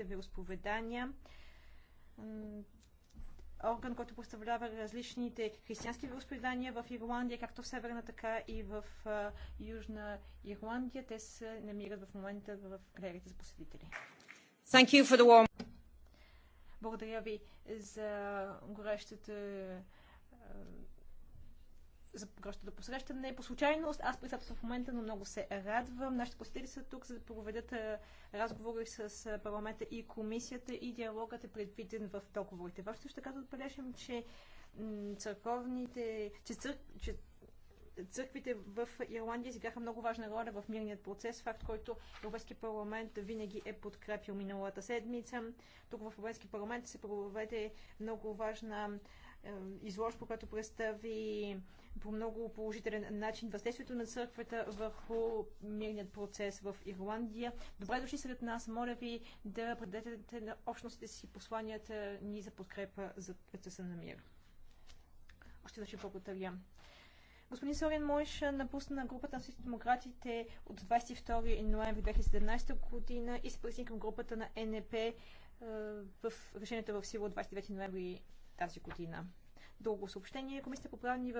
различните вероисповедания, орган, който представлява различните християнски вероисповедания в Ирландия, както в Северна, така и в Южна Ирландия. Те се намират в момента в галерията за посетители. Thank you for the warm... Благодаря ви за горещата просто да посрещам. Не е по случайност. Аз присъствам в момента, но много се радвам. Нашите посетители са тук, за да проведат разговори с парламента и комисията и диалогът е предвиден в договорите. Важно ще така да отбележим, че църковните, че, цър, че църквите в Ирландия изиграха много важна роля в мирният процес, факт, който Европейския парламент винаги е подкрепил миналата седмица. Тук в Европейския парламент се проведе много важна изложба, която представи по много положителен начин въздействието на църквата върху мирният процес в Ирландия. Добре дошли сред нас. Моля ви да предадете на общностите си посланията ни за подкрепа за процеса на мир. Още да ще благодаря. Господин Сорен Мойш напусна групата на социал-демократите от 22 ноември 2017 година и се присъедини към групата на НП е, в решението в сила от 29 ноември тази година. Дълго съобщение. Комисията по правни въпроси